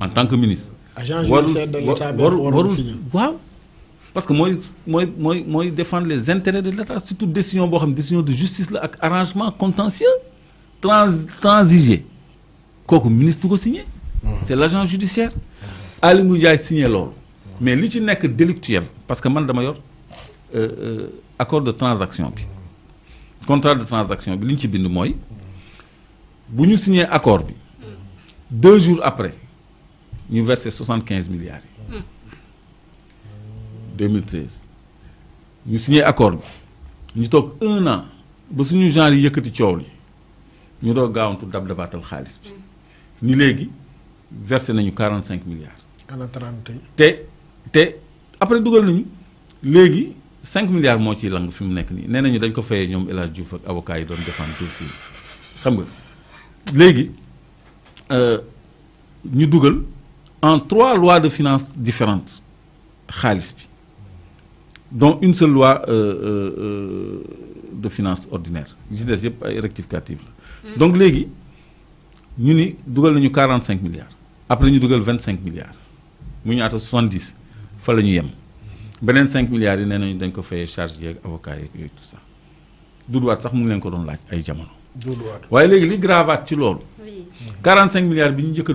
en tant que ministre. agent judiciaire de l'État parce que moi, moi, moi, les intérêts de l'État surtout décision décision de justice arrangement contentieux trans transigé le ministre a signé. Hmm. c'est l'agent judiciaire. Ali Ngouille signé mais li n'est que délictuel parce que man dama yor euh, euh, accord de transaction contrat de transaction bi li ñu ci bind si accord deux jours après nous versé 75 milliards. 2013. Nous signons accord. Nous sommes un an. Nous avons gens qui ont été Nous avons tous un peu de temps été Nous sommes tous Nous versé 45 milliards. Et après, nous avons 5 milliards de qui ont Nous avons fait un avocat qui a défendu le Nous avons fait en trois lois de finances différentes xaalis dont une seule loi euh, euh, euh de finances ordinaire Je ci des yëpp rectificative mm. donc léegi Nous, ni 45 milliards après nous avons 25 milliards Nous avons 70 fa nous ñu yem 5 milliards nous nee nañu dañ ko charge d'avocat avocat tout ça duuduwaat sax mu ngi leen ko doon laaj ay jamono. duuduwaat waaye léegi li gravaat ci loolu. 45 milliards bi ñu njëkk a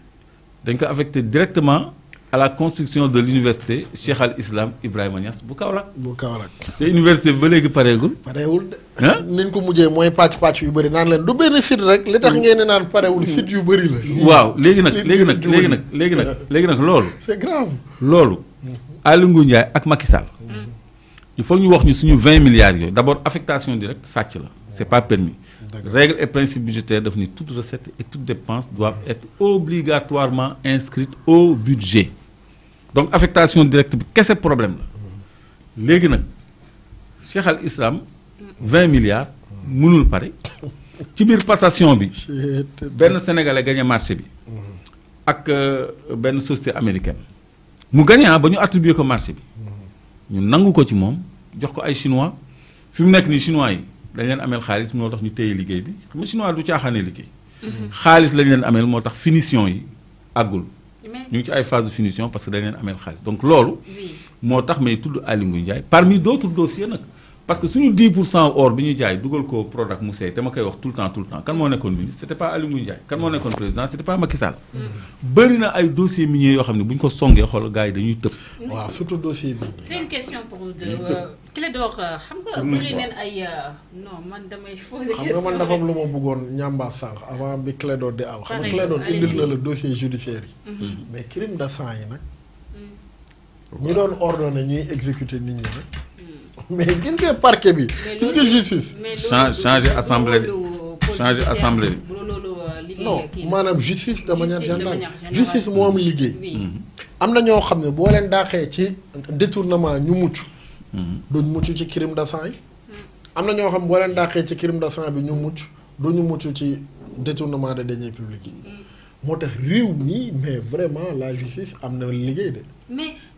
dañ ko affecté directement à la construction de l'université Cheikh Al Islam Ibrahima Niass bu Kaolack. bu Kaolack te université bi ba léegi paréwul pareewul de. nañ hein? ko mujjé moy patch patch yu bëri nan len du benn site rek li tax mm. ngeen nan paréwul mm. site yu bëri la. waaw légui nak légui nak légui nak légui nak légui nak lolu c'est grave. lolu Aly Ngouille Ndiaye ak Macky Sall il faut que nous ñu 20 20 milliards D'abord, affectation directe ça, la n'est pas permis règle et principe budgétaire devenus toutes toute recette et toute dépense doivent être obligatoirement inscrites au budget donc affectation directe qu'est-ce Qu'est-ce que problème là problème nag Cheikh Al Islam 20 milliards mënul pare ci biir passation bi Sénégal a gagné marché avec ak euh, société américaine mu gagné ah, ba nous attribué ko marché bi ñu nangu ko jox ko ay chinois fi mu nekk nii chinois yi dañ leen ameel xaalis moo tax ñu téye liggéey bi xam nga chinois du caaxaanee liggéey. Mm-hmm. xaalis lañ leen ameel moo tax finition yi àggul. ñu ngi ci ay phase de finition parce que dañ leen ameel xaalis donc loolu. moo tax may tudd Aly Ngouille Ndiaye parmi d' autres dossiers nag. parce que nous 10 or jaay ko tout le temps tout le temps kan comme ministre Ce n'était pas Ali Ndiaye président Ce pas Macky Sall. Mm. na ay dossier miniers ne ko faire surtout dossier une question pour. vous est euh, euh, euh, non man damay. faut. xam avant bi clédo di aw. xam nga dossier judiciaire yi. Mm-hmm. crime de sang yi mm. ordonné exécuter mais gis nga parquet bi. gis nga justice. changer assemblée changer assemblée euh, non madame, justice de manière générale justice moi, am liggéey. am na ñoo xam ne boo ci détournement ñu mucc. Mhm. duñ mucc ci crime d'assain sang mm. am na ñoo xam bo len daxé ci crime d'assain bi ñu mucc du ñu mucc ci détournement de deniers publics mm. motax rew tax mi mais vraiment la justice amna ligue. liggéey de.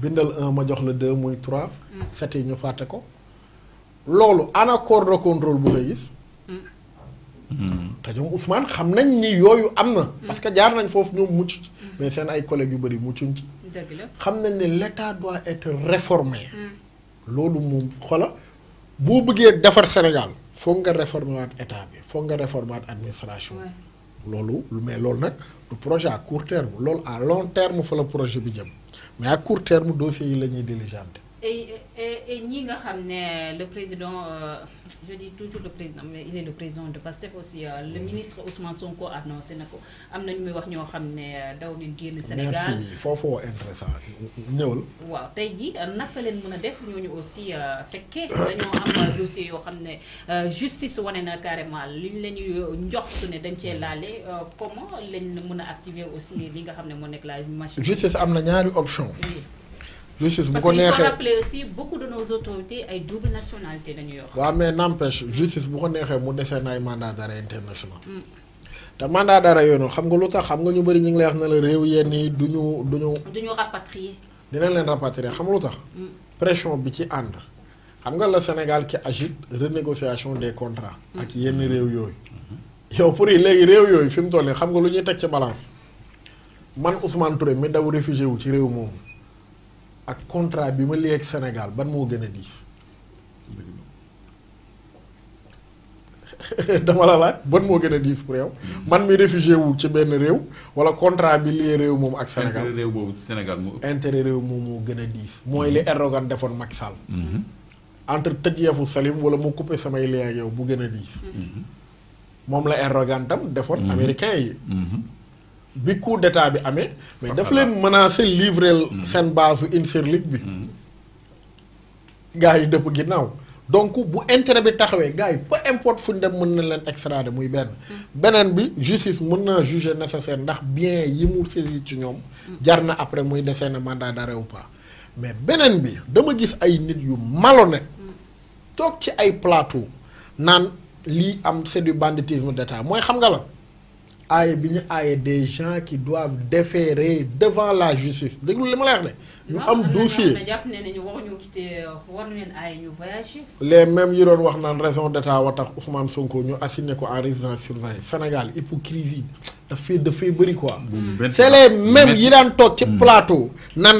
bindal un ma jox deux muy trois. ñu Il ko. a un accord de contrôle bu Ousmane xam nañ ni yoyu amna parce que jaar nañ fofu ñom mucc. mais seen ay collègues yu muccuñ ci. doit être réformé. Mm. lolu moom xola boo bëggee Sénégal réformer l'État. bi réformer Lolou, mais le projet à court terme à long terme faut le projet bi mais à court terme le yi est diligenter et, et, et Nyinga Hamne, le président, euh, je dis toujours le président, mais il est le président de PASTEF aussi, euh, le ministre Ousmane Sonko a annoncé que amna ñu wax ñoo xamné euh, daw ñu génn Sénégal merci fofo intéressant ñëwul waaw tay ji euh, naka leen mëna def ñooñu aussi euh, fekké dañoo am dossier yoo xam ne justice wane na carrément liñ lañu njox su ne dañ cee laalé comment lañ mën a activer aussi li nga xam ne moo la machine justice am na ñaari option oui justice bu ko neexee parce que rappeler aussi beaucoup de nos autorités ay double nationalité la ñu yor. waaw mais n'empêche justice bu ko neexee mu dese na ay mandat d'arrêt international. Hmm. ta mandat d'arrêt yooyu xam nga lutax xam nga ñu bari ñu ngi lay wax na la rew yenn duñu duñu duñu rapatrier. dinañ leen rapatrier xam nga lu hmm. pression bi ci ànd. xam nga le Sénégal ki agite renégociation des contrats. Hmm. ak yenn rew yoy yow pour yi léegi réew yooyu fi mu xam nga lu ñuy teg ci balance man Ousmane Touré mi daw réfugié wu ci rew moomu. ak contrat bi ma lii ak Sénégal ban moo gën a diis. dama la laaj ban moo gën a diis pour yow. Hmm. man mi réfugié wu ci benn réew. wala contrat bi lii réew moom ak. Sénégal intérêt réew boobu Sénégal moo ëpp. intérêt réew moom moo gën a diis. Hmm. mooy li Erdogan defoon Macky Sall. Hmm. entre tëj yeefu Salim wala mu coupé samay lien ak yow bu gën a diis. moom la Erdogan tam defoon. américain yi. bi coup d'état bi amé mais daf leen menacer livreel sen base su Incirlik bi. gars yi dëpp ginnaaw. donc bu intérêt bi taxawé gars peu importe fuñ dem mën na leen extrader muy ben benen bi justice mën na juger nécessaire ndax bien yi mu saisir ci ñom jarna après muy desee na mandat d'arrêt ou pas mais benen bi dama gis ay nit yu malhonnête. tok ci ay plateau naan li am c'est du banditisme d'État moy xam nga la. Il y a des gens qui doivent déférer devant la justice C'est ce que wax euh, les mêmes raison d'être Ousmane Sonko ñu assigné en résidence surveillée Sénégal hypocrisie fait de fait fait quoi c'est les mêmes yi qui ci hmm. plateau la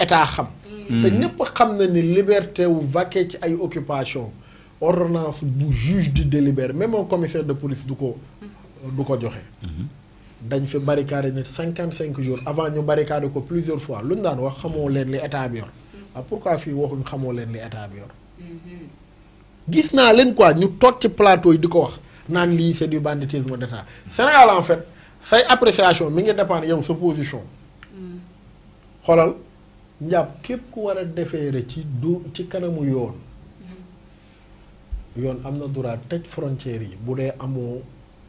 état xam hmm. te xam na ni liberté wu ci ay occupation ordonnance bu juge de même un commissaire de police du ko hmm. du ko joxe. dañ fi barricade nit cinquante cinq jours avant ñu barricade ko plusieurs fois lu ñu daan wax xamoo leen li état bi yor ah pourquoi fii waxuñ xamoo leen li état bi yor. gis naa leen quoi ñu toog ci plateau yi di ko wax naan lii c'est du banditisme d'état Sénégal en fait say appréciation mi ngi dépendre yow sa position. xoolal njàpp képp ku war a defeere ci du ci kanamu yoon. yoon am na droit tëj frontières yi bu dee amoo.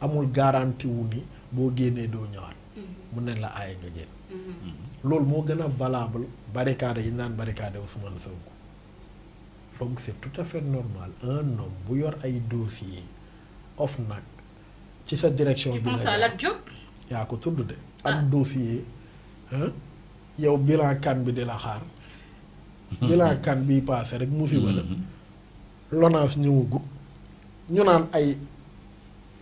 amul garantiwu wu ni boo génnee doo ñëwaat. Mm-hmm. mun nañ la aaye nga génn. Mm-hmm. loolu moo gën a valable barricade yi naan barricade Ousmane Sonko donc c' tout à fait normal un homme bu yor ay dossier of nag ci sa direction. bi yaa ko tudd de. Ah. am dossier yow bilan kan bi di la xaar. bilan kan bii paase rek musiba la. Mm-hmm. lonaas ñëwagut ñu naan ay.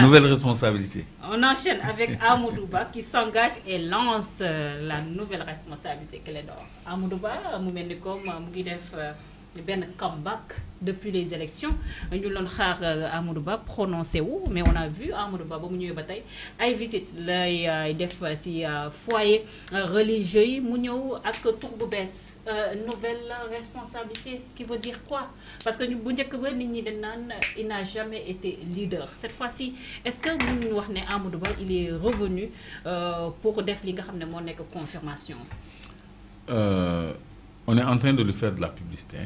Nouvelle responsabilité. On enchaîne avec Amoudouba qui s'engage et lance euh, la nouvelle responsabilité qu'elle est d'or. Amoudouba, Moumendekom, ben comeback depuis les élections ñu doon xaar euh, Amadou prononcer « prononcé mais on a vu Amadou Ba ba mu ñëwee ba ay visite lay euh, def ci euh, foyer religieux mu ñëw ak tur nouvelle responsabilité qui veut dire quoi parce que bu njëkk ba nit ñi nan il n'a jamais été leader cette fois-ci est-ce que mën ñu wax Amadou il est revenu pour def li nga xamné confirmation on est en train de lui faire de la publicité.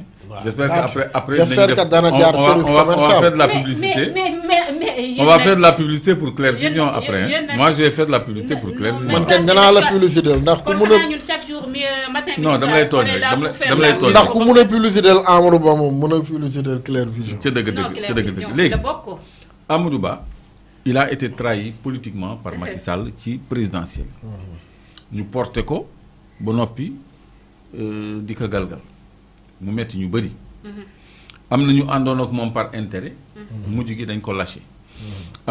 J'espère qu'après, après, on, va, faire de la publicité. on va faire de la publicité pour Claire Vision après. Moi, je vais faire de la publicité pour Claire Vision. la publicité. non, je vais je vais Je vais a publicité Amadou Ba le publicité Claire Vision. Je il a été trahi politiquement par Macky Sall qui présidentiel mhm. ñu Nous ko le Euh, di ko galgal mu metti ñu bëri. Mm-hmm. am na ñu àndoon ak moom par intérêt. Mm-hmm. mujj gi dañ ko lâché. Mm-hmm.